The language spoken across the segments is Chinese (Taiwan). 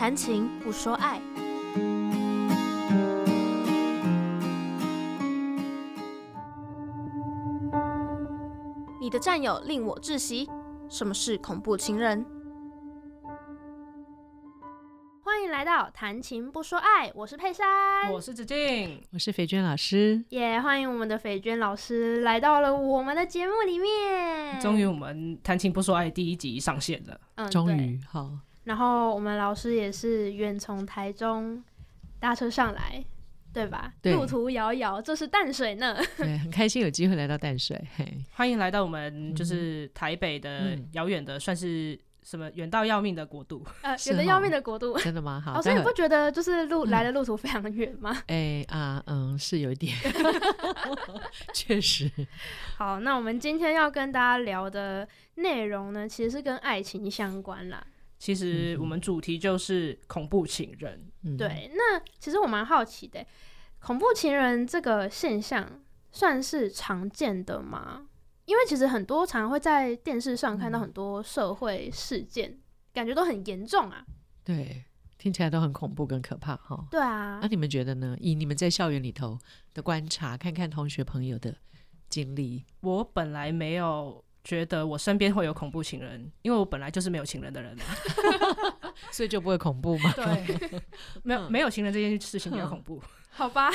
談情不說愛，你的佔有令我窒息。什麼是恐怖情人？歡迎來到談情不說愛，我是佩珊，我是子敬，我是斐娟老師。也、yeah, 歡迎我們的斐娟老師來到了我們的節目裡面。終於，我們談情不說愛第一集上線了、嗯。終於好。然後我們老師也是遠從台中搭車上來，對吧？對，路途遙遙，這是淡水呢。對，很開心有機會來到淡水，嘿，歡迎來到我們就是台北的、嗯、遙遠的，嗯、算是什麼遠到要命的國度？呃，遠的要命的國度，真的嗎？好，老、哦、所以你不覺得就是路、嗯、來的路途非常遠嗎？哎、呃、啊，嗯，是有一點，確實。好，那我們今天要跟大家聊的內容呢，其實是跟愛情相關啦。其實我們主題就是恐怖情人，嗯、對。那其實我蠻好奇的，恐怖情人這個現象算是常見的嗎？因為其實很多常常會在電視上看到很多社會事件，嗯、感覺都很嚴重啊。對，聽起來都很恐怖跟可怕哈。對啊。那、啊、你們覺得呢？以你們在校園裡頭的觀察，看看同學朋友的經歷。我本來沒有，覺得我身邊會有恐怖情人，因為我本來就是沒有情人的人， 所以就不會恐怖嘛。 對，沒有沒有情人這件事情比較恐怖，好吧，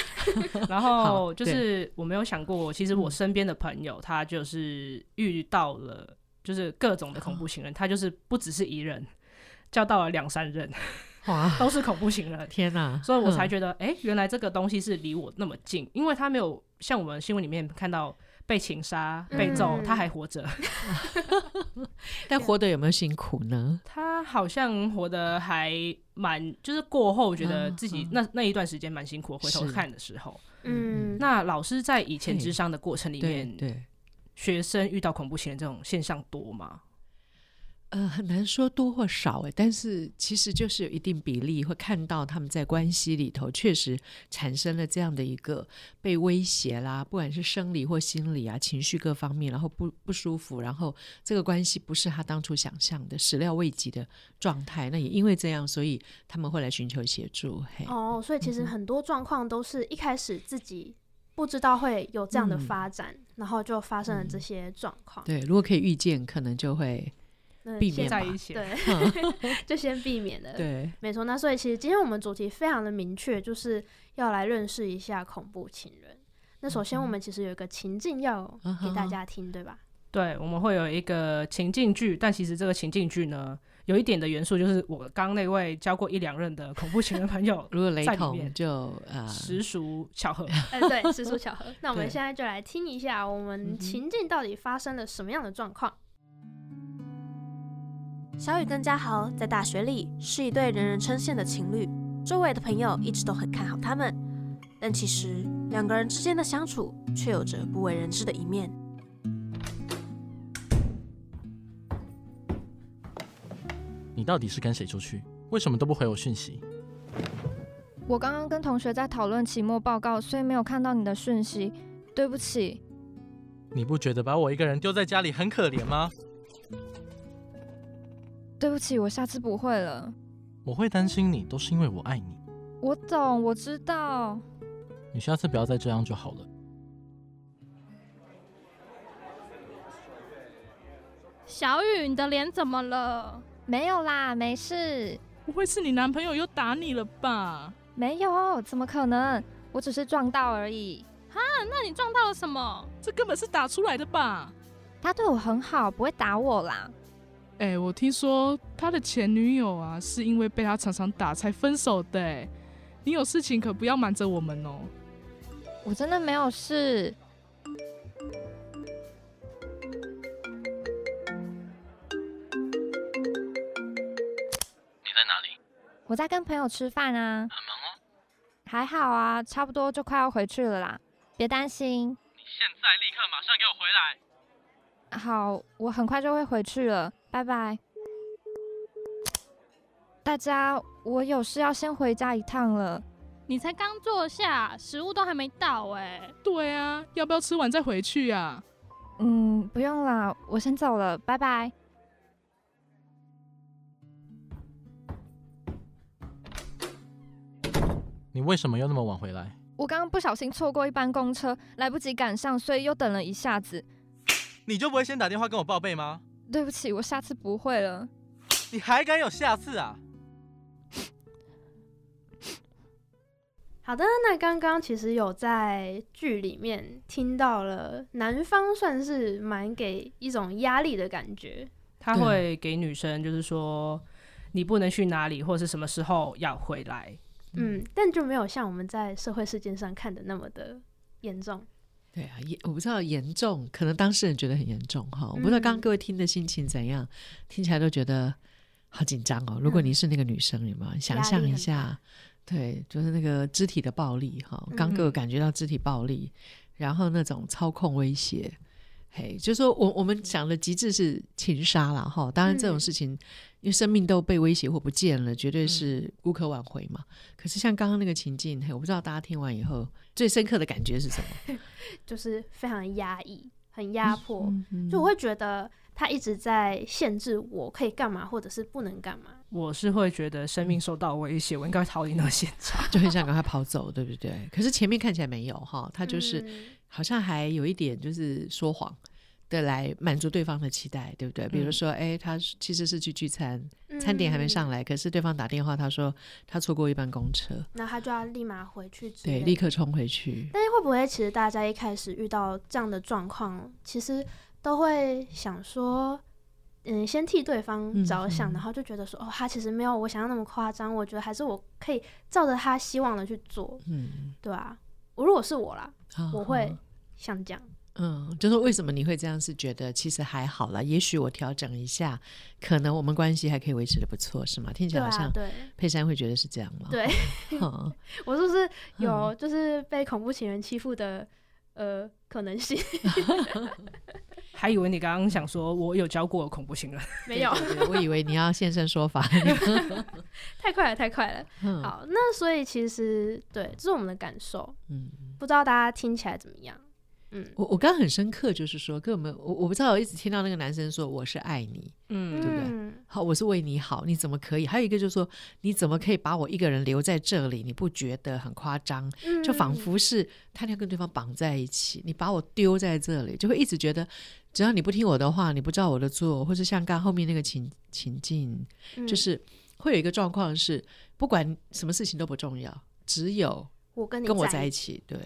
嗯。 然後就是我沒有想過， 對其實我身邊的朋友他就是遇到了，就是各種的恐怖情人，嗯、他就是不只是一人，交到了兩三任，哇， 都是恐怖情人，天吶、啊！所以我才覺得，哎、嗯欸，原來這個東西是離我那麼近，因為他沒有像我們新聞裡面看到，被情殺被揍，他還活着，嗯、 但活得有沒有辛苦呢？他好像活得還蠻，就是過後覺得自己那、嗯嗯、那，那一段時間蠻辛苦。回頭看的時候，嗯，那老師在以前諮商的過程裡面，對，對學生遇到恐怖情人這種現象多嗎？呃，很難說多或少哎，但是其實就是有一定比例會看到他們在關係裡頭確實產生了這樣的一個被威脅啦，不管是生理或心理啊，情緒各方面，然後不不舒服，然後這個關係不是他當初想象的始料未及的狀態。那也因為這樣，所以他們會來尋求協助。嘿，哦，所以其實很多狀況都是一開始自己不知道會有這樣的發展，嗯，然後就發生了這些狀況。嗯，對，如果可以預見，可能就會。嗯、避免在一起，嗯、對， 就先避免了。對，沒錯。那所以其實今天我們主題非常的明確，就是要來認識一下恐怖情人。那首先我們其實有一個情境要給大家聽，嗯、對吧？嗯、對，我們會有一個情境劇，但其實這個情境劇呢，有一點的元素就是我剛那位交過一兩任的恐怖情人朋友，如果雷同就呃，實屬巧合。哎、嗯，對，實屬巧合。 對那我們現在就來聽一下我們情境到底發生了什麼樣的狀況。嗯小雨跟家豪在大學裡是一對人人稱羨的情侶，周圍的朋友一直都很看好他們。但其實兩個人之間的相處卻有着不為人知的一面。你到底是跟誰出去？為什麼都不回我訊息？我剛剛跟同學在討論期末報告，所以沒有看到你的訊息。對不起。你不覺得把我一個人丟在家裡很可憐嗎？對不起，我下次不會了。我會擔心你，都是因為我愛你。我懂，我知道。你下次不要再這樣就好了。小雨，你的臉怎麼了？沒有啦，沒事。不會是你男朋友又打你了吧？沒有，怎麼可能？我只是撞到而已。哈、啊，那你撞到了什麼？這根本是打出來的吧？他對我很好，不會打我啦。哎、欸，我聽說他的前女友啊，是因為被他常常打才分手的，欸。你有事情可不要瞞着我們哦，喔。我真的沒有事。你在哪裡？我在跟朋友吃飯啊。很忙哦。還好啊，差不多就快要回去了啦，別擔心。你現在立刻馬上給我回來。好，我很快就會回去了。拜拜，大家，我有事要先回家一趟了。你才剛坐下，食物都還沒到哎。對啊，要不要吃完再回去呀？嗯，不用啦，我先走了，拜拜。你為什麼又那麼晚回來？我剛剛不小心錯過一班公車，來不及趕上，所以又等了一下子。你就不會先打電話跟我報備嗎？對不起，我下次不會了。你還敢有下次啊？ 好的，那剛剛其實有在劇裡面聽到了，男方算是蠻給一種壓力的感覺。他會給女生就是說，你不能去哪裡，或是什麼時候要回來。嗯，但就沒有像我們在社會事件上看的那麼的嚴重。對啊，嚴我不知道嚴重，可能當事人覺得很嚴重哈。嗯、我不知道剛剛各位聽的心情怎樣，聽起來都覺得好緊張哦。如果你是那個女生，嗯、有沒有想象一下？壓力。對，就是那個肢體的暴力哈。嗯、剛各位感覺到肢體暴力，然後那種操控威脅，嗯、嘿，就是說我我們講的極致是情殺啦哈。嗯、當然這種事情，因為生命都被威脅或不見了，絕對是無可挽回嘛。嗯、可是像剛剛那個情境，我不知道大家聽完以後最深刻的感覺是什麼，就是非常壓抑、很壓迫，嗯、就我會覺得他一直在限制我可以幹嘛，或者是不能幹嘛。我是會覺得生命受到威脅，我應該逃離到現場， 就很想趕快跑走，對不對？ 可是前面看起來沒有哈，他就是好像還有一點就是說謊。對，來滿足對方的期待，對不對？嗯、比如說，哎、欸，他其實是去聚餐，餐點還沒上來，嗯、可是對方打電話，他說他錯過一班公車，那他就要立馬回去，對，立刻衝回去。但是會不會，其實大家一開始遇到這樣的狀況，其實都會想說，嗯，先替對方着想，嗯、然後就覺得說，嗯、哦，他其實沒有我想象那麼誇張，我覺得還是我可以照着他希望的去做，嗯，對吧、啊？我如果是我啦，啊、我會像這樣。啊嗯，就是為什麼你會這樣？是覺得其實還好啦，也許我調整一下，可能我們關係還可以維持得不錯，是嗎？聽起來好像對、啊、對，佩珊會覺得是這樣嗎？對，哦、 我就是，是有就是被恐怖情人欺負的、嗯、呃可能性， 還以為你剛剛想說我有交過恐怖情人，沒有？ 我以為你要現身說法， 太快了，太快了。嗯、好，那所以其實對，這是我們的感受，嗯，不知道大家聽起來怎麼樣。我我剛剛很深刻，就是說，跟我們，我我不知道，我一直聽到那個男生說我是愛你，嗯，對不對？好，我是為你好，你怎麼可以？還有一個就是說，你怎麼可以把我一個人留在這裡？你不覺得很誇張？就仿佛是他要跟對方綁在一起，你把我丟在這裡，就會一直覺得只要你不聽我的話，你不照我的做，或是像剛後面那個情情境，就是會有一個狀況是，不管什麼事情都不重要，只有我跟你跟我在一起，對。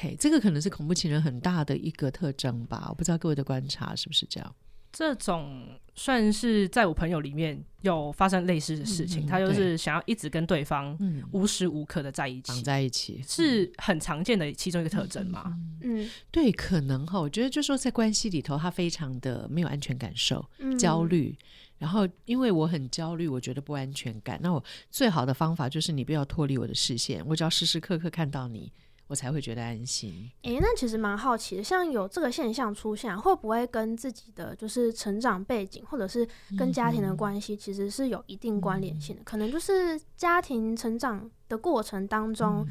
嘿，hey, 這個可能是恐怖情人很大的一個特徵吧？我不知道各位的觀察是不是這樣。這種算是在我朋友裡面有發生類似的事情，嗯嗯，他就是想要一直跟對方、嗯、無時無刻的在一起，綁在一起是很常見的其中一個特徵嘛、嗯？嗯，對，可能哈，我覺得就是說在關係裡頭，他非常的沒有安全感受，受、嗯、焦慮，然後因為我很焦慮，我覺得不安全感，那我最好的方法就是你不要脫離我的視線，我只要時時刻刻看到你。才會覺得安心。誒、欸。那其實蠻好奇的，像有這個現象出現，會不會跟自己的就是成長背景，或者是跟家庭的關係，嗯、其實是有一定關聯性的？嗯、可能就是家庭成長的過程當中，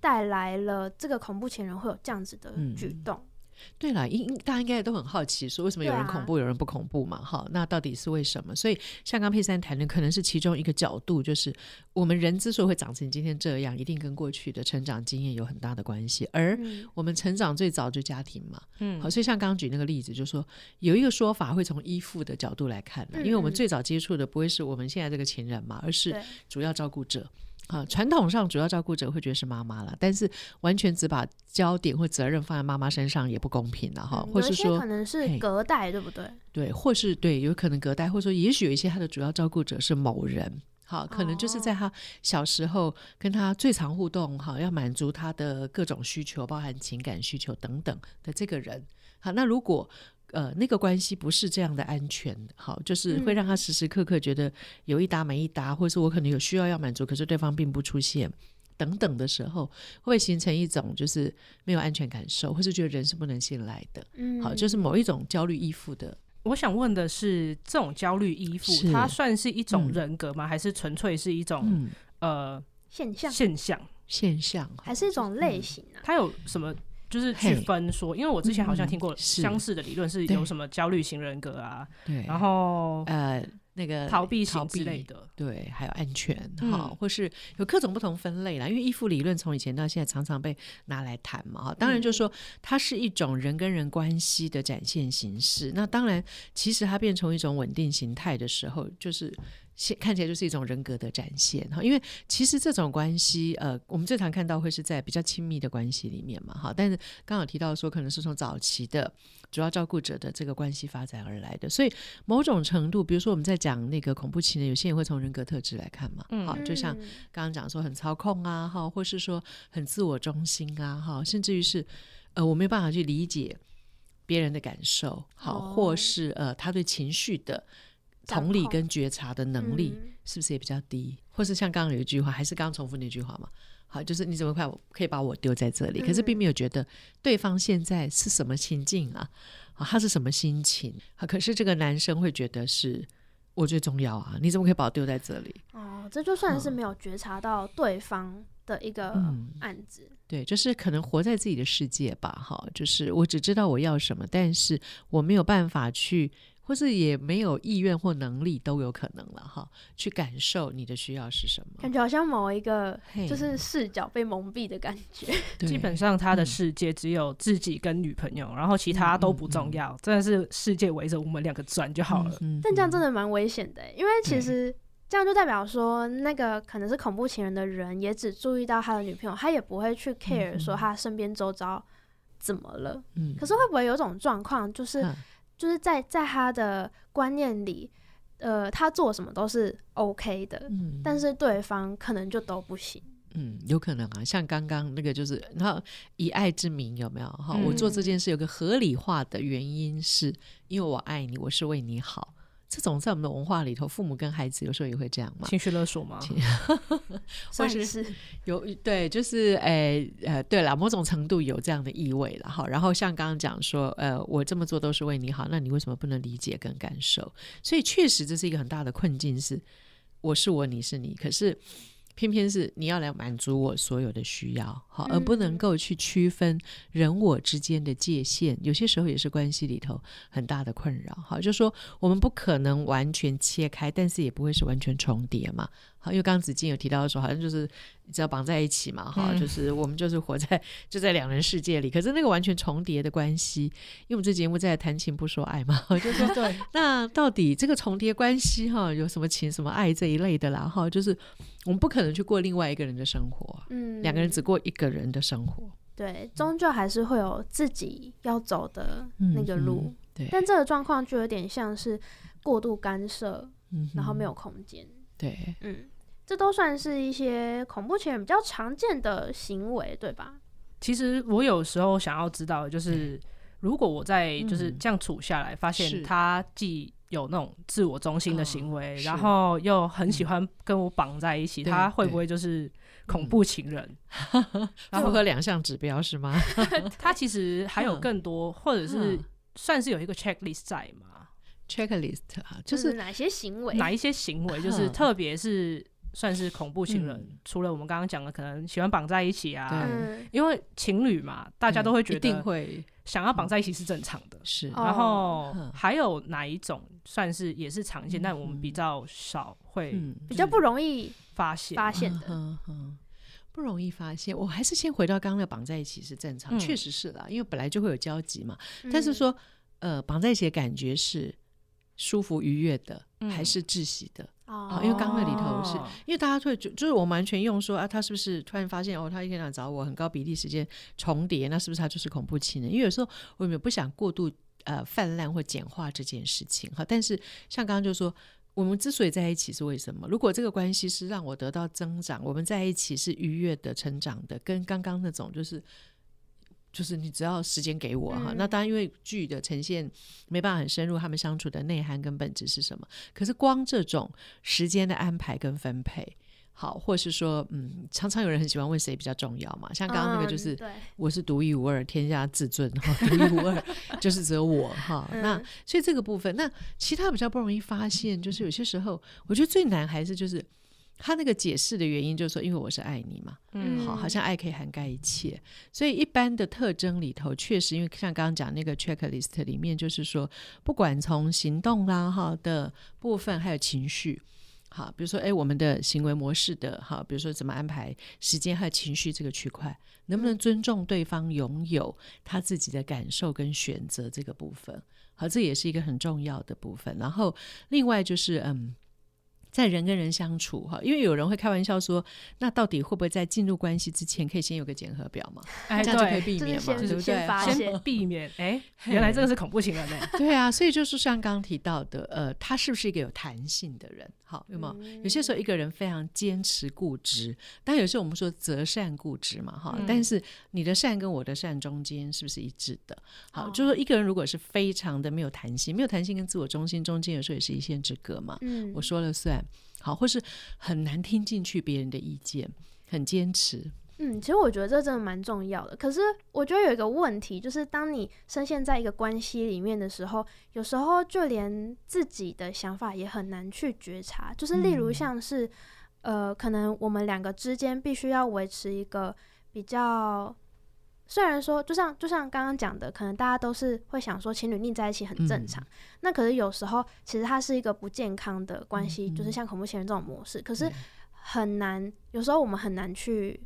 帶來了這個恐怖情人會有這樣子的舉動。嗯嗯對了，應大家應該都很好奇，說為什麼有人恐怖，有人不恐怖嘛？哈、啊，那到底是為什麼？所以像剛佩珊談的，可能是其中一個角度，就是我們人之所以會長成今天這樣，一定跟過去的成長經驗有很大的關係。而我們成長最早就家庭嘛，嗯，好，所以像剛剛舉那個例子，就說有一個說法會從依附的角度來看的，嗯、因為我們最早接觸的不會是我們現在這個情人嘛，而是主要照顧者。啊，傳統上主要照顧者會覺得是媽媽了，但是完全只把焦點或責任放在媽媽身上也不公平了哈。或是說可能是隔代，對不嘿對？對，或是對，有可能隔代，或者說也許有一些他的主要照顧者是某人，好、啊，可能就是在他小時候跟他最常互動，哈、啊，要滿足他的各種需求，包含情感需求等等的這個人，好、啊，那如果。呃，那個關係不是這樣的安全，好，就是會讓他時時刻刻覺得有一搭沒一搭，嗯、或者是我可能有需要要滿足，可是對方並不出現，等等的時候，會形成一種就是沒有安全感受，或是覺得人是不能信賴的，嗯，好，就是某一種焦慮依附的。我想問的是，這種焦慮依附，是它算是一種人格嗎？嗯、還是純粹是一種、嗯、呃現象？現象？現象？還是一種類型啊？嗯、它有什麼？就是去分說，嘿因為我之前好像聽過相似的理論，是有什麼焦慮型人格啊，嗯、對，然後呃那個逃避型之類的，對，還有安全哈、嗯，或是有各種不同分類啦。因為依附理論從以前到現在常常被拿來談嘛，當然就是說它是一種人跟人關係的展現形式。嗯、那當然，其實它變成一種穩定形態的時候，就是。現看起來就是一種人格的展現哈，因為其實這種關係，呃，我們最常看到會是在比較親密的關係裡面嘛哈，但是剛好提到說可能是從早期的主要照顧者的這個關係發展而來的，所以某種程度，比如說我們在講那個恐怖情人，有些人會從人格特質來看嘛，嗯、好，就像剛剛講說很操控啊哈，或是說很自我中心啊哈，甚至於是呃我沒有辦法去理解別人的感受，好，或是呃他對情緒的。同理跟覺察的能力是不是也比較低？嗯、或是像剛剛有一句話，還是剛剛重複那句話嘛。好，就是你怎麼可以可以把我丟在這裡？可是並沒有覺得對方現在是什麼心境啊，啊、嗯，他是什麼心情？好，可是這個男生會覺得是我最重要啊，你怎麼可以把我丟在這裡？哦，這就算是沒有覺察到對方的一個案子。嗯、對，就是可能活在自己的世界吧。哈，就是我只知道我要什麼，但是我沒有辦法去。或是也沒有意願或能力都有可能了哈，去感受你的需要是什麼，感覺好像某一個就是視角被蒙蔽的感覺。基本上他的世界只有自己跟女朋友，嗯、然後其他都不重要，真的、嗯嗯嗯、是世界圍着我們兩個轉就好了。嗯嗯嗯、但這樣真的蠻危險的，嗯、因為其實這樣就代表說那個可能是恐怖情人的人也只注意到他的女朋友，嗯、他也不會去 care 說他身邊周遭怎麼了。嗯，可是會不會有種狀況就是、嗯？就是在在他的觀念裡，呃，他做什麼都是 OK 的，嗯，但是對方可能就都不行，嗯，有可能啊，像剛剛那個，就是那以愛之名有沒有？哈對，哦，我做這件事有個合理化的原因是，是，嗯，因為我愛你，我是為你好。這種在我們的文化裡頭，父母跟孩子有時候也會這樣嘛？情緒勒索嗎？或者情 是，是有對，就是誒呃，對了，某種程度有這樣的意味了哈。然後像剛剛講說，呃，我這麼做都是為你好，那你為什麼不能理解跟感受？所以確實這是一個很大的困境是，是我是我，你是你，可是偏偏是你要來滿足我所有的需要。好，而不能夠去區分人我之間的界限，有些時候也是關係裡頭很大的困擾。好，就說我們不可能完全切開，但是也不會是完全重疊嘛。好，因為剛剛子健有提到說，好像就是你知道綁在一起嘛，哈，就是我們就是活在就在兩人世界裡。嗯、可是那個完全重疊的關係，因為我們這節目在談情不說愛嘛，就是說。嗯、 那到底這個重疊關係哈，有什麼情什麼愛這一類的啦？哈，就是我們不可能去過另外一個人的生活。嗯，兩個人只過一個的人的生活，對，終究還是會有自己要走的那個路，嗯、對。但這個狀況就有點像是過度干涉，嗯、哼然後沒有空間，對，嗯，這都算是一些恐怖情人比較常見的行為，對吧？其實我有時候想要知道，就是、嗯、如果我在就是這樣處下來，嗯、發現他既有那種自我中心的行為，是然後又很喜歡跟我綁在一起，嗯、他會不會就是？恐怖情人，他符合兩項指標是嗎？ 它其實還有更多，呵或者是算是有一個 checklist 在嗎？checklist、啊、就是、嗯、哪些行為，哪一些行為，就是特別是。算是恐怖情人，嗯、除了我們剛剛講的，可能喜歡綁在一起啊，對因為情侶嘛，大家都會覺得想要綁在一起是正常的。嗯嗯、是，哦、然後還有哪一種算是也是常見，嗯、但我們比較少會，比較不容易發現發現的，嗯，不容易發現。我、嗯、還、嗯、是先回到剛剛的綁在一起是正常，確實是啦，因為本來就會有交集嘛。但是說，綁在一起的感覺是舒服愉悅的，還是窒息的？哦，因為剛那裡頭是、哦、因為大家會就就是我們完全用說啊，他是不是突然發現哦，他一天來找我，很高比例時間重疊，那是不是他就是恐怖情人？因為有時候我們也不想過度呃泛濫或簡化這件事情哈。但是像剛剛就說，我們之所以在一起是為什麼？如果這個關係是讓我得到增長，我們在一起是愉悅的成長的，跟剛剛那種就是。就是你只要時間給我哈，嗯、那當然因為劇的呈現沒辦法很深入他們相處的內涵跟本質是什麼？可是光這種時間的安排跟分配，好，或是說嗯，常常有人很喜歡問誰比較重要嘛？像剛剛那個就是，嗯、對我是獨一無二，天下至尊哈，獨一無二哦 就是只有我哈。哦、嗯、那所以這個部分，那其他比較不容易發現，就是有些時候我覺得最難還是就是。他那個解釋的原因就是說，因為我是愛你嘛，嗯、好，好像愛可以涵蓋一切。嗯、所以一般的特徵裡頭，確實因為像剛剛講那個 checklist 裡面，就是說，不管從行動啦哈的部分，還有情緒，好，比如說哎，我們的行為模式的，好，比如說怎麼安排時間，還有情緒這個區塊，能不能尊重對方擁有他自己的感受跟選擇這個部分，好，這也是一個很重要的部分。然後另外就是嗯。在人跟人相處哈，因為有人會開玩笑說，那到底會不會在進入關係之前，可以先有個檢核表嘛？這樣就可以避免嘛？對不對？先避免。哎，原來這個是恐怖情人。對啊，所以就是像剛剛提到的，呃，他是不是一個有彈性的人？好，有沒有？有些時候一個人非常堅持固執，但有時候我們說擇善固執嘛，哈。但是你的善跟我的善中間是不是一致的？好，就是說一個人如果是非常的沒有彈性，沒有彈性跟自我中心中間有時候也是一線之隔嘛。嗯，我說了算。好，或是很難聽進去別人的意見，很堅持。嗯，其實我覺得這真的蠻重要的。可是我覺得有一個問題，就是當你深陷在一個關係裡面的時候，有時候就連自己的想法也很難去覺察。就是例如像是，嗯、呃，可能我們兩個之間必須要維持一個比較。雖然說就像，就像就像剛剛講的，可能大家都是會想說情侶膩在一起很正常，嗯、那可是有時候其實它是一個不健康的關係，嗯、就是像恐怖情人這種模式。嗯、可是很難，嗯、有時候我們很難去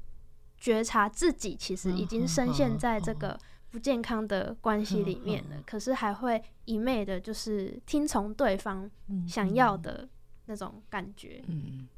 覺察自己其實已經深陷在這個不健康的關係裡面了，嗯嗯嗯、可是還會一昧的，就是聽從對方想要的那種感覺。嗯嗯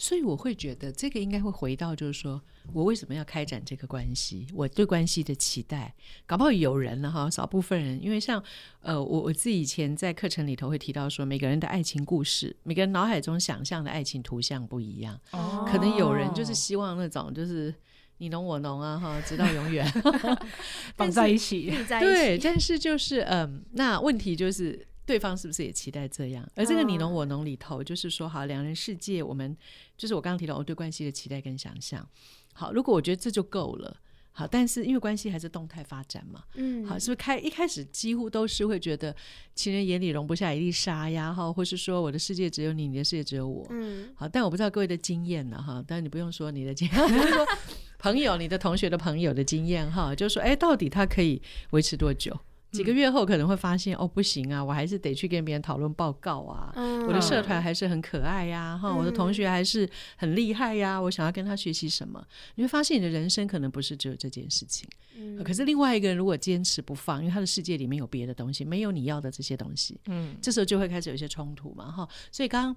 所以我會覺得這個應該會回到，就是說我為什麼要開展這個關係，我對關係的期待，搞不好有人了、啊、哈，少部分人，因為像呃，我我自己以前在課程裡頭會提到說，每個人的愛情故事，每個人腦海中想象的愛情圖像不一樣，哦、可能有人就是希望那種就是你儂我儂啊哈，直到永遠 綁在一起， 一起對，但是就是嗯、呃，那問題就是。對方是不是也期待這樣？而這個你儂我儂裡頭，哦、就是說，好，兩人世界，我們就是我剛剛提到我對關係的期待跟想象。好，如果我覺得這就夠了，好，但是因為關係還是動態發展嘛，嗯，好，是不是開一開始幾乎都是會覺得情人眼裡容不下一粒沙呀，哈，或是說我的世界只有你，你的世界只有我，嗯，好，但我不知道各位的經驗呢、啊，哈，當然你不用說你的經驗， 朋友、你的同學的朋友的經驗，哈，就是說哎，到底他可以維持多久？幾個月後可能會發現、嗯、哦，不行啊，我還是得去跟別人討論報告啊。嗯、我的社團還是很可愛呀、啊，哈、嗯，我的同學還是很厲害呀、啊，我想要跟他學習什麼。你會發現你的人生可能不是只有這件事情，嗯、可是另外一個人如果堅持不放，因為他的世界裡面有別的東西，沒有你要的這些東西，嗯。這時候就會開始有一些衝突嘛，哈。所以剛剛。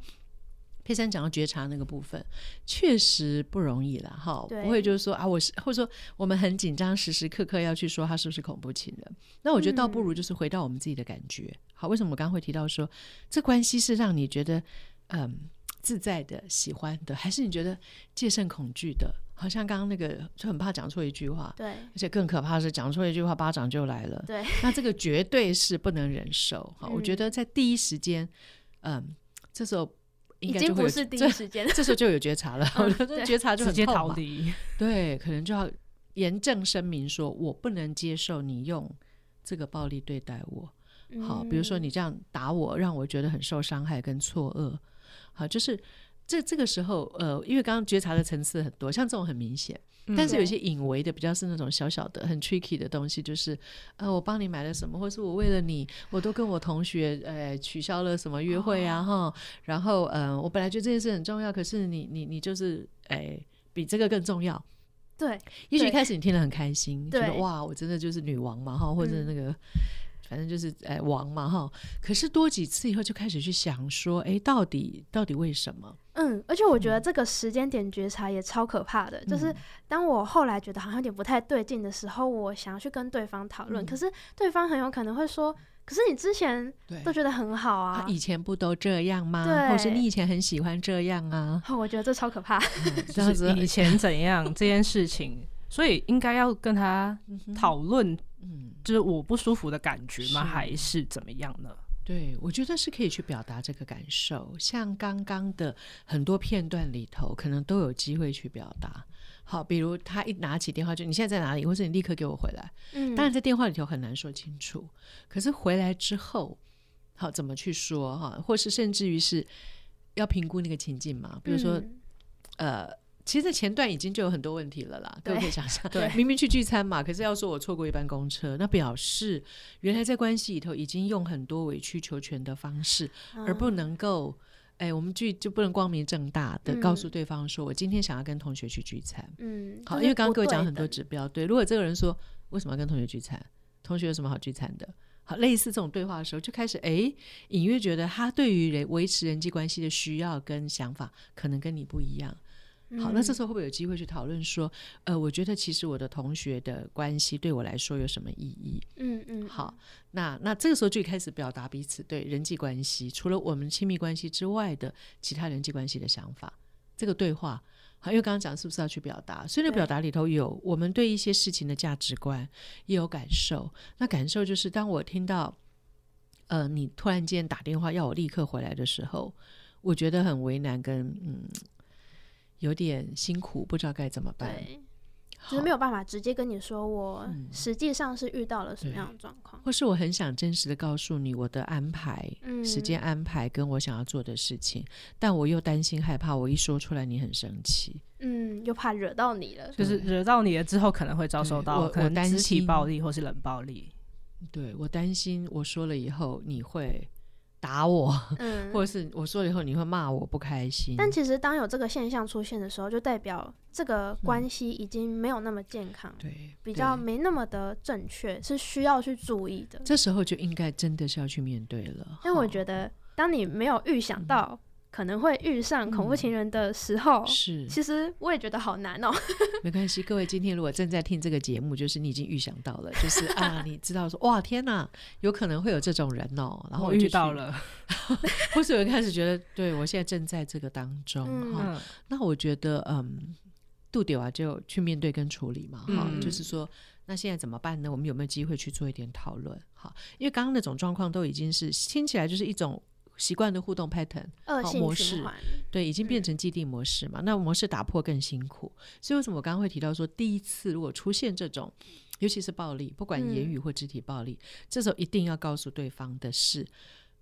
佩珊講到覺察那個部分，確實不容易了哈。對不會就是說啊，我是或者說我們很緊張，時時刻刻要去說他是不是恐怖情人。那我覺得倒不如就是回到我們自己的感覺。嗯、好，為什麼我剛剛會提到說這關係是讓你覺得嗯自在的、喜歡的，還是你覺得戒慎恐懼的？好像剛剛那個就很怕講錯一句話，對，而且更可怕的是講錯一句話巴掌就來了。對，那這個絕對是不能忍受。好，嗯、好，我覺得在第一時間，嗯，這時候。已經不是第一時間，這時候就有覺察了，嗯、覺，覺察就很痛嘛。對，可能就要嚴正聲明，說我不能接受你用這個暴力對待我。好，嗯、比如說你這樣打我，讓我覺得很受傷害跟錯愕。好，就是這這個時候，呃，因為剛剛覺察的層次很多，像這種很明顯。但是有些隱微的，嗯、比較是那種小小的、對很 tricky 的東西，就是，呃，我幫你買了什麼，或是我為了你，我都跟我同學，呃、欸，取消了什麼約會啊，哈、哦，然後，嗯、呃，我本來覺得這件事很重要，可是你、你、你就是，誒、欸，比這個更重要。對，也許一開始你聽得很開心，對覺得哇，我真的就是女王嘛，哈，或者那個。嗯反正就是哎、欸，王嘛哈。可是多幾次以後，就開始去想說，哎、欸，到底到底為什麼？嗯，而且我覺得這個時間點覺察也超可怕的。嗯、就是當我後來覺得好像有點不太對勁的時候，我想要去跟對方討論，嗯、可是對方很有可能會說：“嗯、可是你之前都覺得很好啊，他以前不都這樣嗎？對或是你以前很喜歡這樣啊？”我覺得這超可怕、嗯。這樣子以前怎樣這件事情， 所以應該要跟他討論、嗯。嗯，就是我不舒服的感覺嗎？是還是怎麼樣呢？對，我覺得是可以去表達這個感受。像剛剛的很多片段裡頭，可能都有機會去表達。好，比如他一拿起電話就：“你現在在哪裡？”或者你立刻給我回來。嗯，當然在電話裡頭很難說清楚，可是回來之後，好怎麼去說哈？或是甚至於是要評估那個情境嘛？比如說，嗯，呃。其實前段已經就有很多問題了啦，對各位可以想象，對，明明去聚餐嘛，可是要說我錯過一班公車，那表示原來在關係裡頭已經用很多委曲求全的方式，啊、而不能夠，哎，我們聚就不能光明正大的告訴對方說、嗯、我今天想要跟同學去聚餐，嗯，好，因為剛剛各位講很多指標，對，如果這個人說為什麼要跟同學聚餐，同學有什麼好聚餐的，好，類似這種對話的時候，就開始哎，隱約覺得他對於人維持人際關係的需要跟想法，可能跟你不一樣。好，那這時候會不會有機會去討論說，嗯、呃，我覺得其實我的同學的關係對我來說有什麼意義？嗯嗯。嗯好，那那這個時候就開始表達彼此對人際關係，除了我們親密關係之外的其他人際關係的想法。這個對話，好，因為剛剛講是不是要去表達？所以那表達裡頭有我們對一些事情的價值觀，對也有感受。那感受就是，當我聽到，呃，你突然間打電話要我立刻回來的時候，我覺得很為難跟，跟嗯。有點辛苦，不知道該怎麼辦。對，就是沒有辦法直接跟你說，我實際上是遇到了什麼樣的狀況、嗯嗯，或是我很想真實的告訴你我的安排，嗯、時間安排跟我想要做的事情，嗯、但我又擔心害怕，我一說出來你很生氣，嗯，又怕惹到你了，就是、嗯、惹到你了之後可能會遭受到我，我擔心肢體暴力或是冷暴力。對，我擔心我說了以後你會。打我，嗯、或者是我說了以後你會罵我不開心。但其實當有這個現象出現的時候，就代表這個關係已經沒有那麼健康，嗯、對，比較沒那麼的正確，對是需要去注意的。這時候就應該真的是要去面對了。因為我覺得，當你沒有預想到。嗯可能會遇上恐怖情人的時候，嗯、是，其實我也覺得好難哦。沒關係，各位，今天如果正在聽這個節目，就是你已經預想到了，就是啊， 你知道說哇，天哪，有可能會有這種人哦，然後我遇到了，不 是我一開始覺得，對我現在正在這個當中哈、嗯。那我覺得，嗯，杜丟啊，就去面對跟處理嘛，哈，嗯、就是說，那現在怎麼辦呢？我們有沒有機會去做一點討論？哈，因為剛剛那種狀況都已經是聽起來就是一種。習慣的互動 pattern、哦、模式，對，已經變成既定模式嘛。嗯、那模式打破更辛苦，所以為什麼我剛剛會提到說，第一次如果出現這種，尤其是暴力，不管言語或肢體暴力，嗯、這時候一定要告訴對方的是，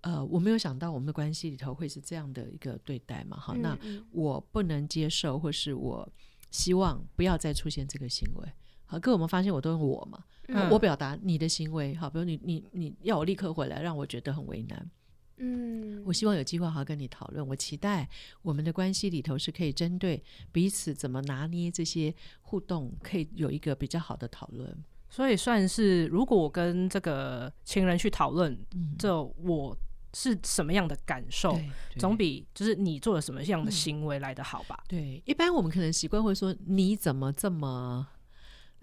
呃，我沒有想到我們的關係裡頭會是這樣的一個對待嘛。好，嗯、那我不能接受，或是我希望不要再出現這個行為。好，可我們發現我都用我嘛，嗯、我表達你的行為，好，比如你你你要我立刻回來，讓我覺得很為難。嗯，我希望有機會好好跟你討論。我期待我們的關係裡頭是可以針對彼此怎麼拿捏這些互動，可以有一個比較好的討論。所以算是，如果我跟這個情人去討論，這我是什麼樣的感受，嗯、總比就是你做了什麼樣的行為來得好吧？嗯、對，一般我們可能習慣會說你怎麼這麼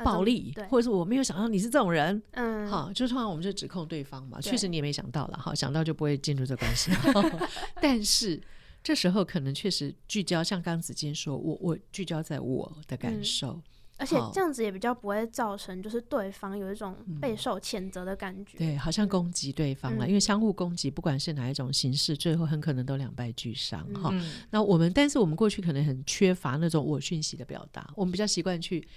暴力，或者是我沒有想到你是這種人，嗯，好，就通常我們就指控對方嘛，確實你也沒想到了，哈，想到就不會進入這關係。但是這時候可能確實聚焦，像剛才講說，我我聚焦在我的感受，而且這樣子也比較不會造成就是對方有一種備受譴責的感覺，對，好像攻擊對方了，因為相互攻擊，不管是哪一種形式，最後很可能都兩敗俱傷，哈。那我們，但是我們過去可能很缺乏那種我訊息的表達，我們比較習慣去。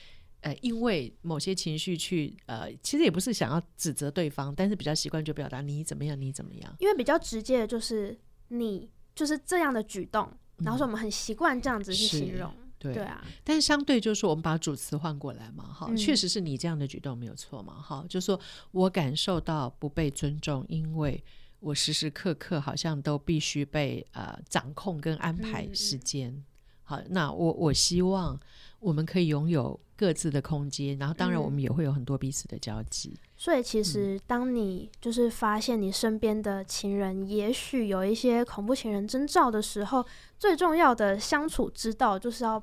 呃，因為某些情緒去呃，其實也不是想要指責對方，但是比較習慣就表達你怎麼樣，你怎麼樣。因為比較直接的就是你就是這樣的舉動，嗯、然後說我們很習慣這樣子去形容，對，對啊。但是相對就是我們把主詞換過來嘛，哈，嗯、確實是你這樣的舉動沒有錯嘛，哈，就是說我感受到不被尊重，因為我時時刻刻好像都必須被呃掌控跟安排時間。嗯、好，那我我希望。我們可以擁有各自的空間，然後當然我們也會有很多彼此的交集。嗯，所以，其實當你就是發現你身邊的情人也許有一些恐怖情人徵兆的時候，最重要的相處之道就是要。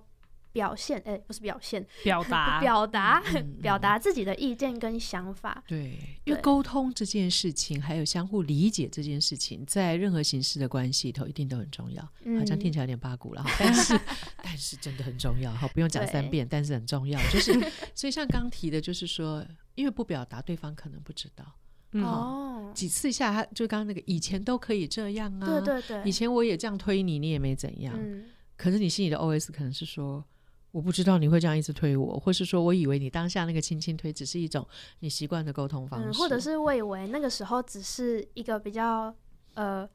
表現哎，不是表現，表達表達表達自己的意見跟想法。對，因為溝通這件事情，還有相互理解這件事情，在任何形式的關係裡頭一定都很重要。好像聽起來有點八股了哈，但是但是真的很重要。哈，不用講三遍，但是很重要。就是所以像剛提的，就是說，因為不表達，對方可能不知道。哦，幾次一下他，就剛剛那個以前都可以這樣啊。對對對，以前我也這樣推你，你也沒怎樣。可是你心裡的 OS 可能是說，我不知道你會這樣一直推我，或是說我以為你當下那個輕輕推只是一種你習慣的溝通方式，嗯、或者是我以為那個時候只是一個比較呃，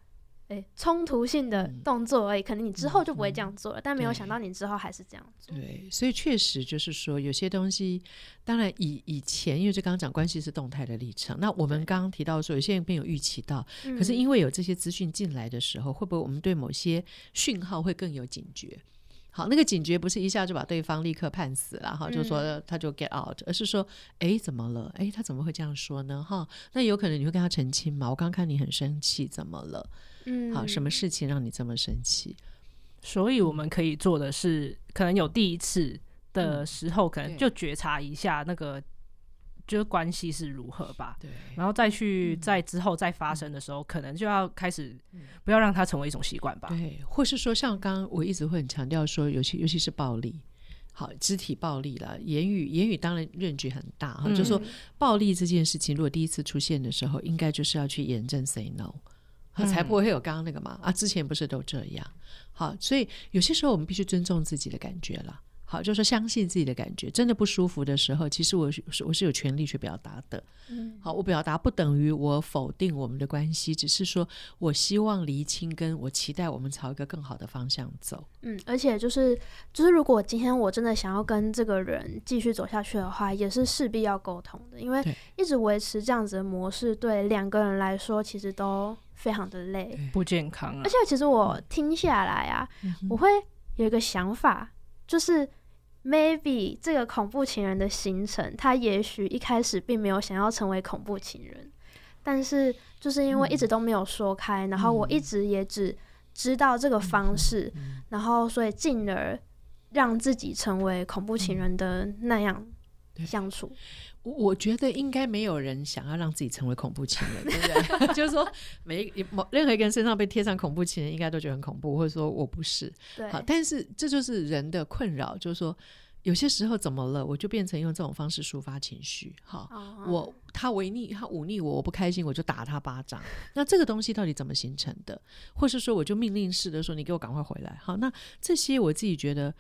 哎衝突性的動作而已，可能你之後就不會這樣做了。嗯、但沒有想到你之後還是這樣做。做。對，所以確實就是說，有些東西，當然以以前，因為這剛剛講關係是動態的歷程。那我們剛剛提到說，有些人並沒有預期到，可是因為有這些資訊進來的時候，嗯、會不會我們對某些訊號會更有警覺？好，那個警覺不是一下就把對方立刻判死了哈，就說他就 get out，、嗯、而是說，哎、欸，怎麼了？哎、欸，他怎麼會這樣說呢？哈，那有可能你會跟他澄清嘛？我剛看你很生氣，怎麼了？嗯，好，什麼事情讓你這麼生氣？所以我們可以做的是，可能有第一次的時候，嗯、可能就覺察一下那個。就是關係是如何吧，對，然後再去在、嗯、之後再發生的時候，可能就要開始不要讓它成為一種習慣吧，對，或是說像剛剛我一直會很強調說，尤其尤其是暴力，好，肢體暴力了，言語言語當然論據很大哈，嗯、就說暴力這件事情，如果第一次出現的時候，嗯、應該就是要去嚴正 say no，才不、嗯、會有剛剛那個嘛，啊，之前不是都這樣，好，所以有些時候我們必須尊重自己的感覺了。好，就是相信自己的感覺。真的不舒服的時候，其實我是我是有權利去表達的。嗯，好，我表達不等於我否定我們的關係，只是說我希望釐清，跟我期待我們朝一個更好的方向走。嗯，而且就是就是，如果今天我真的想要跟這個人繼續走下去的話，也是勢必要溝通的。因為一直維持這樣子的模式，對兩個人來說其實都非常的累，不健康。而且其實我聽下來啊，嗯哼，我會有一個想法，就是。maybe 這個恐怖情人的形成，他也許一開始並沒有想要成為恐怖情人，但是就是因為一直都沒有說開，嗯、然後我一直也只知道這個方式，嗯、然後所以進而讓自己成為恐怖情人的那樣相處。嗯嗯嗯 我覺得應該沒有人想要讓自己成為恐怖情人， 對不對？ 就是說，每一、任何一個人身上被貼上恐怖情人，應該都覺得很恐怖，或者說我不是。對。好，但是這就是人的困擾，就是說，有些時候怎麼了，我就變成用這種方式抒發情緒。好，uh huh. 我他違逆他忤逆我，我不開心，我就打他巴掌。那這個東西到底怎麼形成的？或是說，我就命令式的說，你給我趕快回來。好，那這些我自己覺得。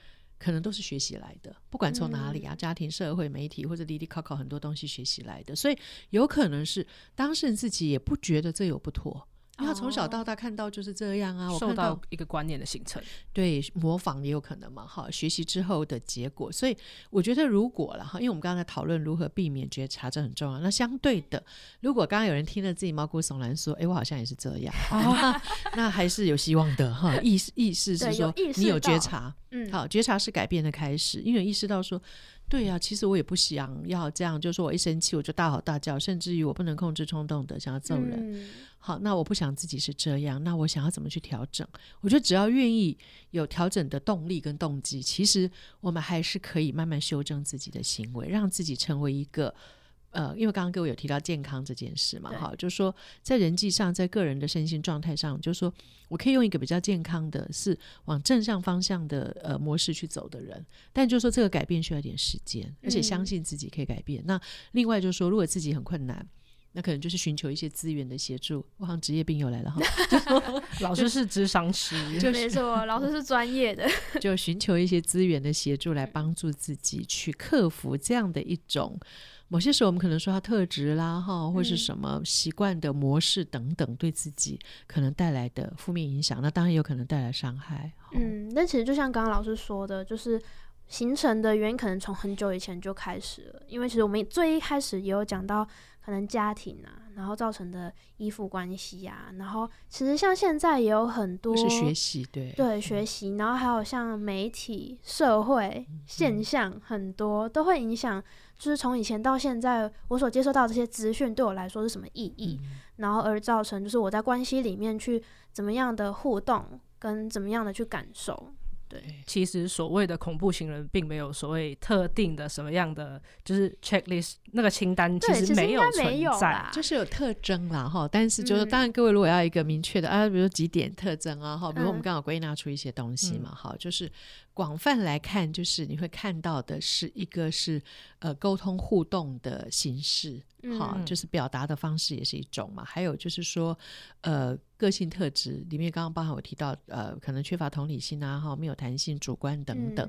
可能都是學習來的，不管從哪裡啊，家庭、社會、媒體或者滴滴考考很多東西學習來的，所以有可能是當事人自己也不覺得這有不妥。因為從小到大看到就是這樣啊，受到一個觀念的形成，對，模仿也有可能嘛，哈，學習之後的結果，所以我覺得如果了哈，因為我們剛剛在討論如何避免覺察，這很重要。那相對的，如果剛剛有人聽了自己毛骨悚然說，哎、欸，我好像也是這樣， 啊、那還是有希望的哈，意思意思是說有你有覺察，嗯，好，覺察是改變的開始，因為意識到說。對呀、啊，其實我也不想要這樣，就是我一生氣我就大吼大叫，甚至於我不能控制衝動的想要揍人。嗯、好，那我不想自己是這樣，那我想要怎麼去調整？我覺得只要願意有調整的動力跟動機，其實我們還是可以慢慢修正自己的行為，讓自己成為一個。呃，因為剛剛各位有提到健康這件事嘛，哈對，就是說在人際上，在個人的身心狀態上，就是說我可以用一個比較健康的，是往正向方向的呃模式去走的人，但就是說這個改變需要一點時間，而且相信自己可以改變。嗯，那另外就是說，如果自己很困難。那可能就是尋求一些資源的協助，我好像職業病又來了哈。 就是、 老師是諮商師，就沒錯，老師是專業的， 就尋求一些資源的協助來幫助自己去克服這樣的一種，某些時候我們可能說他特質啦哈，或是什麼習慣的模式等等，對自己可能帶來的負面影響，那當然也有可能帶來傷害。嗯，那、嗯、其實就像剛剛老師說的，就是形成的原因可能從很久以前就開始了，因為其實我們最一開始也有講到。可能家庭啊，然後造成的依附關係呀、啊，然後其實像現在也有很多是學習，對對學習，嗯、然後還有像媒體社會現象、嗯、很多都會影響，就是從以前到現在我所接受到這些資訊對我來說是什麼意義，嗯、然後而造成就是我在關係裡面去怎麼樣的互動跟怎麼樣的去感受。對其實所謂的恐怖情人，並沒有所謂特定的什麼樣的，就是 checklist 那個清單，其實沒有存在，就是有特徵啦哈。但是就是，嗯、當然各位如果要一個明確的啊，比如幾點特徵啊哈，比如我們剛好歸納出一些東西嘛哈、嗯，就是。廣泛來看，就是你會看到的是一個是呃溝通互動的形式，好、嗯，就是表達的方式也是一種嘛。還有就是說呃個性特質裡面，剛剛包含我提到呃可能缺乏同理心啊，哈沒有彈性、主觀等等。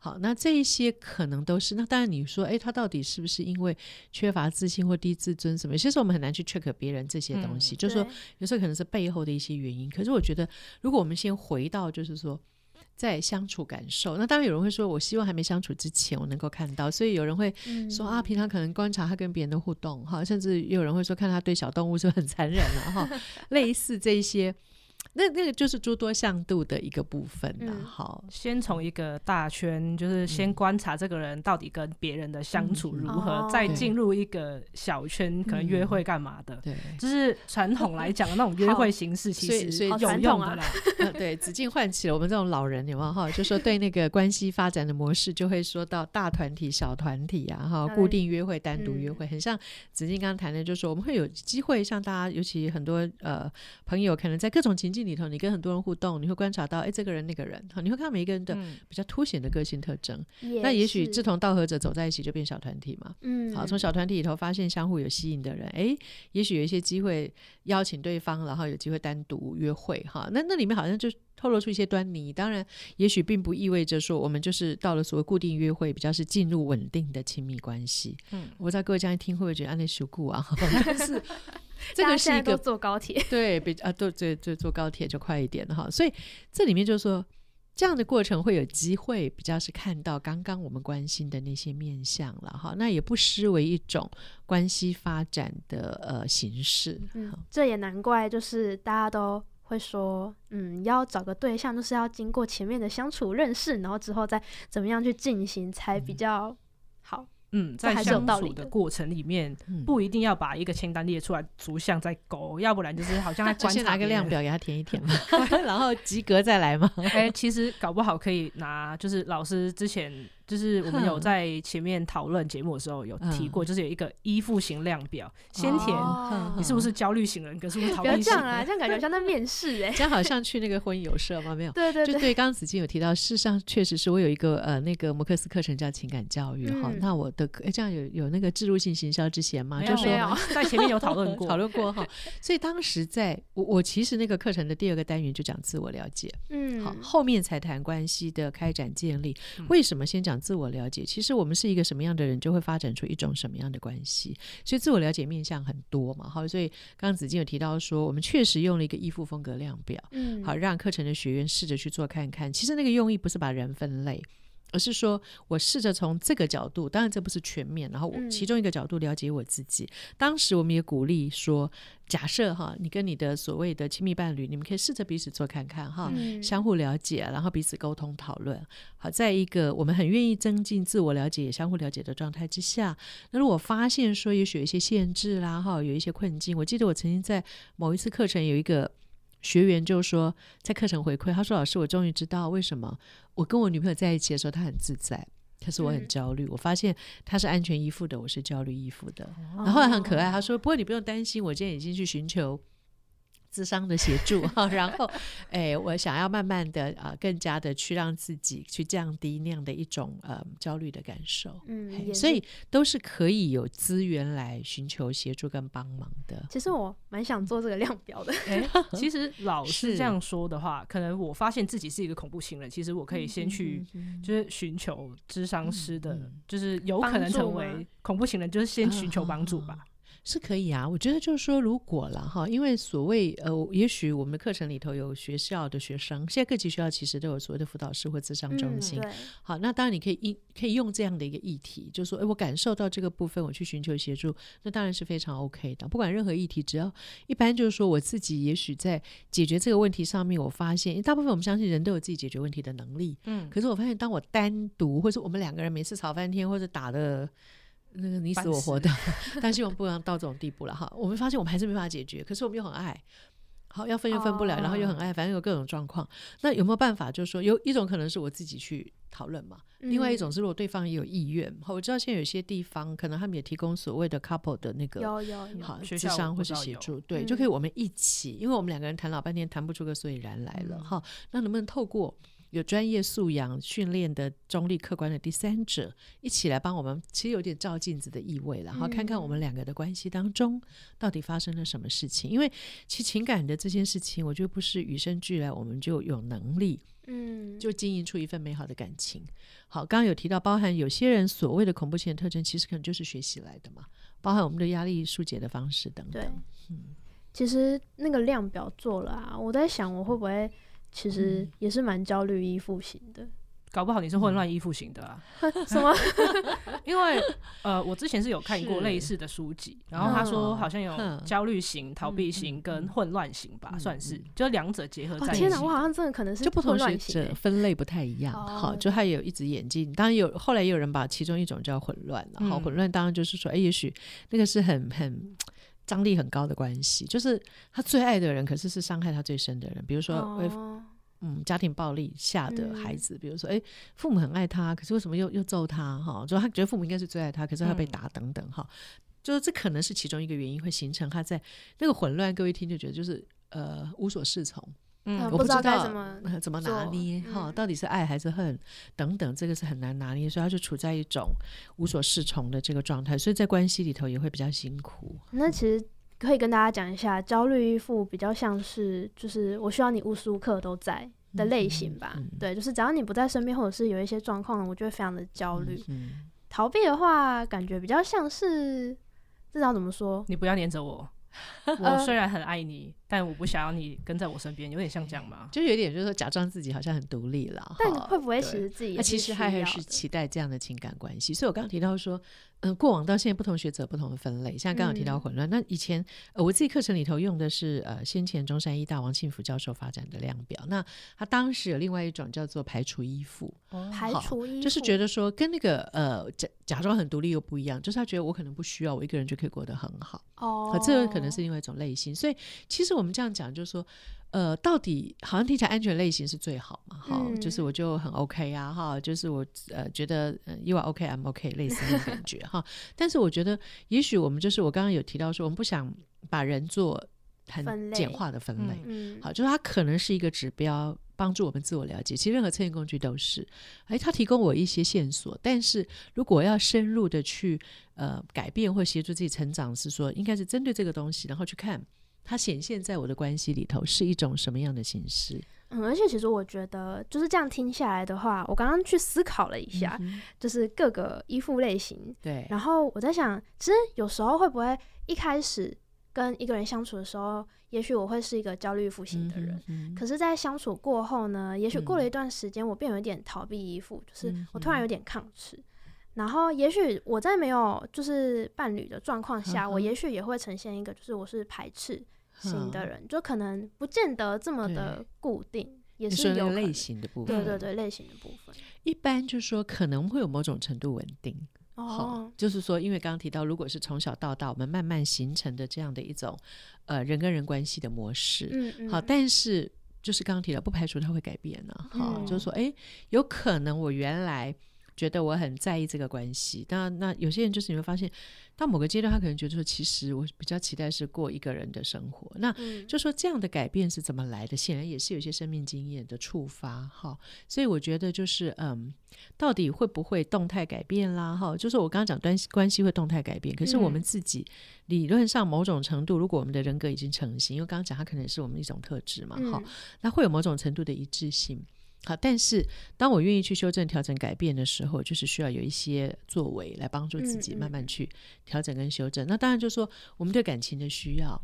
好、嗯，那這一些可能都是。那當然你說，哎，他到底是不是因為缺乏自信或低自尊什麼？其實我們很難去 check 別人這些東西，嗯、就是說有時候可能是背後的一些原因。可是我覺得，如果我們先回到就是說。在相處感受，那當然有人會說，我希望還沒相處之前我能夠看到，所以有人會說啊，平常可能觀察他跟別人的互動哈，嗯、甚至有人會說，看他對小動物是不是很殘忍了、啊、哈， 類似這一些。那那個就是諸多向度的一個部分啦、啊。嗯、好，先從一個大圈，就是先觀察這個人到底跟別人的相處如何，嗯嗯、再進入一個小圈，可能約會幹嘛的。嗯、對，就是傳統來講的那種約會形式，其實是、嗯、有用的啦。啊、 對，子敬喚起了我們這種老人，有沒有哈，就說對那個關係發展的模式，就會說到大團體、小團體啊，哈，固定約會、單獨約會，很像子敬剛剛談的，就是說我們會有機會，像大家，尤其很多呃朋友，可能在各種情境。裡頭，你跟很多人互動，你會觀察到，哎，這個人那個人，你會看到每一個人的比較凸顯的個性特徵。嗯、那也許志同道合者走在一起就變小團體嘛。嗯，好，從小團體裡頭發現相互有吸引的人，哎，也許有一些機會邀請對方，然後有機會單獨約會，哈，那那裡面好像就透露出一些端倪。當然，也許並不意味着說我們就是到了所謂固定約會，比較是進入穩定的親密關係。嗯，我不知道各位這樣一聽，會不會覺得安戀熟故啊？但是 這個是一個大家都坐高鐵，對，比啊，對對對，坐高鐵就快一點哈。所以這裡面就是說，這樣的過程會有機會比較是看到剛剛我們關心的那些面向了哈。那也不失為一種關係發展的呃形式。嗯，這也難怪，就是大家都會說，嗯，要找個對象，就是要經過前面的相處認識，然後之後再怎麼樣去進行才比較，嗯。嗯，在相處的過程裡面，這這不一定要把一個清單列出來逐項在勾。嗯、要不然就是好像在觀察 拿個量表給他填一填嘛， 然後及格再來嘛。哎、 欸，其實搞不好可以拿，就是老師之前。就是我們有在前面討論節目的時候有提過，就是有一個依附型量表，先填你是不是焦慮型人格？是我不要這樣啊，這樣感覺好像在面試哎，這樣好像去那個婚友社嗎？沒有，對對，就對。剛剛子金有提到，事實上確實是我有一個呃那個摩克斯課程叫情感教育哈，那我的課，這樣有有那個置入性行銷之嫌嗎？就說，沒在前面有討論過，討論過哈。所以當時在我我其實那個課程的第二個單元就講自我了解，嗯，好，後面才談關係的開展建立，為什麼先講？自我了解，其實我們是一個什麼樣的人，就會發展出一種什麼樣的關係。所以自我了解面向很多嘛，好，所以剛剛子金有提到說，我們確實用了一個依附風格量表，嗯、好，讓課程的學員試着去做看看。其實那個用意不是把人分類。而是說，我試着從這個角度，當然這不是全面，然後我其中一個角度了解我自己。嗯、當時我們也鼓勵說，假設哈，你跟你的所謂的親密伴侶，你們可以試着彼此做看看哈，嗯、相互了解，然後彼此溝通討論。好，在一個我們很願意增進自我了解、相互了解的狀態之下，那如果發現說也許有一些限制啦哈，有一些困境，我記得我曾經在某一次課程有一個。學員就說，在課程回饋，他說：“老師，我終於知道為什麼我跟我女朋友在一起的時候，她很自在，可是我很焦慮。是我發現她是安全依附的，我是焦慮依附的。哦哦，然後很可愛，他說：‘不過你不用擔心，我今天已經去尋求。’”諮商的協助， 然後，哎、欸，我想要慢慢的啊、呃，更加的去讓自己去降低那樣的一種呃焦慮的感受。嗯，嘿是所以都是可以有資源來尋求協助跟幫忙的。其實我蠻想做這個量表的，嗯。 其實老師這樣說的話，是可能我發現自己是一個恐怖情人。其實我可以先去，就是尋求諮商師的，嗯嗯、就是有可能成為恐怖情人，啊、就是先尋求幫助吧。哦是可以啊，我覺得就是說，如果了哈，因為所謂呃，也許我們的課程裡頭有學校的學生，現在各級學校其實都有所謂的輔導師或諮商中心，嗯、好，那當然你可以用，可以用這樣的一個議題，就是說，哎，我感受到這個部分，我去尋求協助，那當然是非常 OK 的。不管任何議題，只要一般就是說，我自己也許在解決這個問題上面，我發現大部分我們相信人都有自己解決問題的能力。嗯，可是我發現當我單獨，或者我們兩個人每次吵翻天，或者打的。那個你死我活的。半死 但是我們不能到這種地步了哈。我們發現我們還是沒辦法解決，可是我們又很愛，好，要分又分不了，啊、然後又很愛，反正有各種狀況。那有沒有辦法？就是說，有一種可能是我自己去討論嘛，嗯、另外一種是如果對方也有意願。好，我知道現在有些地方可能他們也提供所謂的 couple 的那個，有有，有好協商或是協助，對，嗯、就可以我們一起，因為我們兩個人談老半天，談不出個所以然來了。哈，那能不能透過，有專業素養訓練的中立客觀的第三者，一起來幫我們，其實有點照鏡子的意味，然後看看我們兩個的關係當中到底發生了什麼事情。嗯、因為其實情感的這件事情，我覺得不是與生俱來，我們就有能力，嗯，就經營出一份美好的感情。好，剛剛有提到，包含有些人所謂的恐怖情人特徵，其實可能就是學習來的嘛，包含我們的壓力疏解的方式等等。對嗯，其實那個量表做了啊，我在想我會不會。其實也是蠻焦慮依附型的，嗯、搞不好你是混亂依附型的啊？嗯、 什麼？ 因為呃，我之前是有看過類似的書籍，是然後他說好像有焦慮型、嗯嗯嗯逃避型、跟混亂型吧，嗯嗯算是就兩者結合在一起。哦、天哪，我好像真的可能是混亂型的，就不同學者分類不太一樣。哦、好，就他有一隻眼睛，當然有，後來也有人把其中一種叫混亂然後，好，混亂當然就是說，哎、嗯欸，也許那個是很很。張力很高的關係，就是他最愛的人，可是是傷害他最深的人。比如說，哦、嗯，家庭暴力下的孩子，嗯、比如說，哎，父母很愛他，可是為什麼又又揍他？哈、哦，就他覺得父母應該是最愛他，可是他被打、嗯、等等，哈、哦，就是這可能是其中一個原因，會形成他在那個混亂。各位聽就覺得就是呃無所適從。嗯，我不知道該怎麼怎麼拿捏、嗯、哈，到底是愛還是恨等等，這個是很難拿捏，嗯、所以他就處在一種無所適從的這個狀態，所以在關係裡頭也會比較辛苦。那其實可以跟大家講一下，焦慮依附比較像是就是我需要你無時無刻都在的類型吧，嗯、對，就是只要你不在身邊或者是有一些狀況，我就會非常的焦慮。嗯嗯、逃避的話，感覺比較像是至少怎麼說，你不要黏着我。 我雖然很愛你， 但我不想要你跟在我身邊，有點像這樣嗎？就有點就是說，假裝自己好像很獨立了。但會不會其實自己也是其實還是，是期待這樣的情感關係？嗯、所以我剛剛提到說。嗯，過往到現在，不同學者不同的分類，像剛剛有提到混亂。嗯、那以前、呃、我自己課程裡頭用的是呃先前中山醫大王慶福教授發展的量表。那他當時有另外一種叫做排除依附，嗯、好排除依附就是覺得說，跟那個呃假假裝很獨立又不一樣，就是他覺得我可能不需要，我一個人就可以過得很好。哦，這可能是另外一種類型。所以其實我們這樣講，就是說。呃，到底好像聽起來安全類型是最好嘛？哈，就是我就很 OK 呀，啊，嗯、哈，就是我呃覺得、嗯、You are OK, I'm OK, 類似的感覺哈。但是我覺得，也許我們就是我剛剛有提到說，我們不想把人做很簡化的分類。分類，嗯。好，就是它可能是一個指標，幫助我們自我了解。嗯、其實任何測驗工具都是，哎，它提供我一些線索。但是如果要深入的去呃改變或協助自己成長，是說應該是針對這個東西，然後去看。它顯現在我的關係裡頭是一種什麼樣的形式？嗯，而且其實我覺得就是這樣聽下來的話，我剛剛去思考了一下，嗯、哼就是各個依附類型。對，然後我在想，其實有時候會不會一開始跟一個人相處的時候，也許我會是一個焦慮復興的人焦慮依附型的人，嗯、哼可是，在相處過後呢，也許過了一段時間，我便有點逃避依附，嗯、哼就是我突然有點抗拒。嗯哼嗯然後，也許我在沒有就是伴侶的狀況下，嗯、哼我也許也會呈現一個就是我是排斥型的人，嗯、就可能不見得這麼的固定，對也是有類型的部分。對，對對對，嗯、類型的部分。一般就是說可能會有某種程度穩定。哦，哦，就是說，因為剛剛提到，如果是從小到大我們慢慢形成的這樣的一種呃人跟人關係的模式，嗯，嗯好，但是就是剛剛提到，不排除他會改變呢。好、嗯哦，就是說，哎，有可能我原來。覺得我很在意這個關係，但那，那有些人就是你會發現，到某個階段他可能覺得說，其實我比較期待是過一個人的生活。那、嗯、就說這樣的改變是怎麼來的？顯然也是有一些生命經驗的觸發哈、哦。所以我覺得就是嗯，到底會不會動態改變啦哈、哦？就是我剛剛講關係關係會動態改變，可是我們自己理論上某種程度，如果我們的人格已經成型，因為剛剛講它可能是我們一種特質嘛哈、嗯哦，那會有某種程度的一致性。好，但是當我願意去修正、調整、改變的時候，就是需要有一些作為來幫助自己慢慢去調整跟修正。嗯嗯、那當然就是說，我們對感情的需要，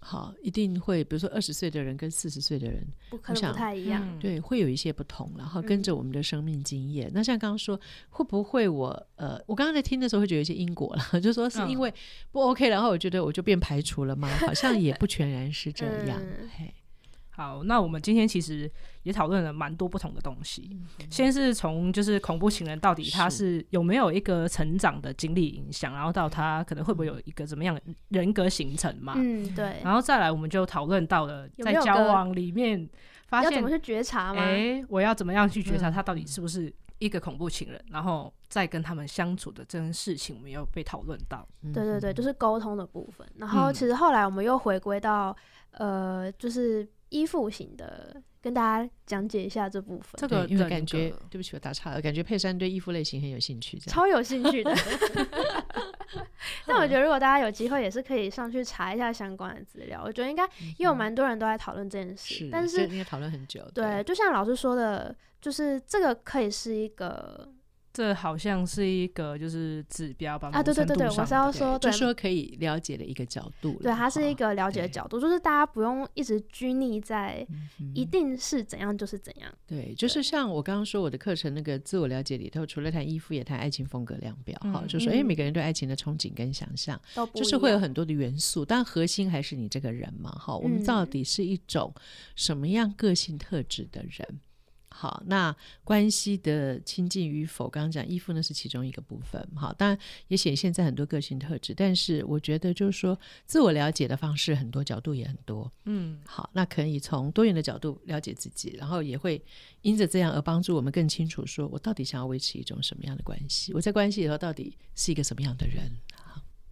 好，一定會，比如說二十歲的人跟四十歲的人，不可能太一樣，我想，嗯、對，會有一些不同。然後跟着我們的生命經驗，嗯、那像剛剛說，會不會我呃，我剛剛在聽的時候會覺得有一些因果了，就是說是因為不 OK，、哦、然後我覺得我就變排除了嗎？ 好像也不全然是這樣。嗯好，那我們今天其實也討論了蠻多不同的東西。嗯、先是從就是恐怖情人到底他是有沒有一個成長的經歷影響，是然後到他可能會不會有一個怎麼樣的人格形成嘛？嗯，對。然後再來，我們就討論到了在交往裡面發現有有要怎麼去覺察嗎，哎、欸，我要怎麼樣去覺察他到底是不是一個恐怖情人，嗯、然後再跟他們相處的這件事情，我們有被討論到、嗯。對對對，就是溝通的部分。然後其實後來我們又回歸到、嗯、呃，就是。依附型的，跟大家講解一下這部分。這個因為感覺，整個對不起，我打岔了。感覺佩珊對依附類型很有興趣，超有興趣的。但我覺得，如果大家有機會，也是可以上去查一下相關的資料。我覺得應該，因為蠻多人都在討論這件事，嗯、是但是應該討論很久。對，對就像老師說的，就是這個可以是一個。這好像是一個就是指標吧，啊，對對對對，我是要說，就是說可以了解的一個角度。對，它是一個了解的角度，就是大家不用一直拘泥在一定是怎樣就是怎樣。對，就是像我剛剛說我的課程那個自我了解裡頭，除了談依附，也談愛情風格量表，哈，就說哎，每個人對愛情的憧憬跟想象，就是會有很多的元素，但核心還是你這個人嘛，哈，我們到底是一種什麼樣個性特質的人？好，那關係的親近與否，剛剛講依附呢是其中一個部分，好，當然也顯現在很多個性特質，但是我覺得就是說，自我了解的方式很多角度也很多，嗯，好，那可以從多元的角度了解自己，然後也會因着這樣而幫助我們更清楚，說我到底想要維持一種什麼樣的關係，我在關係裡頭到底是一個什麼樣的人。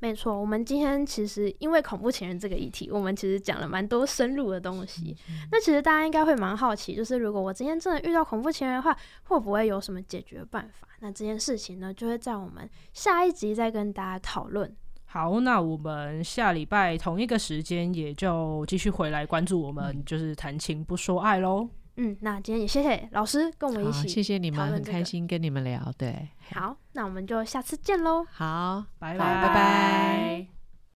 沒錯，我們今天其實因為恐怖情人這個議題，我們其實講了蠻多深入的東西。嗯嗯、那其實大家應該會蠻好奇，就是如果我今天真的遇到恐怖情人的話，會不會有什麼解決的辦法？那這件事情呢，就會在我們下一集再跟大家討論。好，那我們下禮拜同一個時間，也就繼續回來關注我們，嗯、就是談情不說愛嘍。嗯，那今天也謝謝老師跟我們一起討論這個。好，謝謝你們，很開心跟你們聊，對。好，那我們就下次見嘍。好，拜拜，拜拜。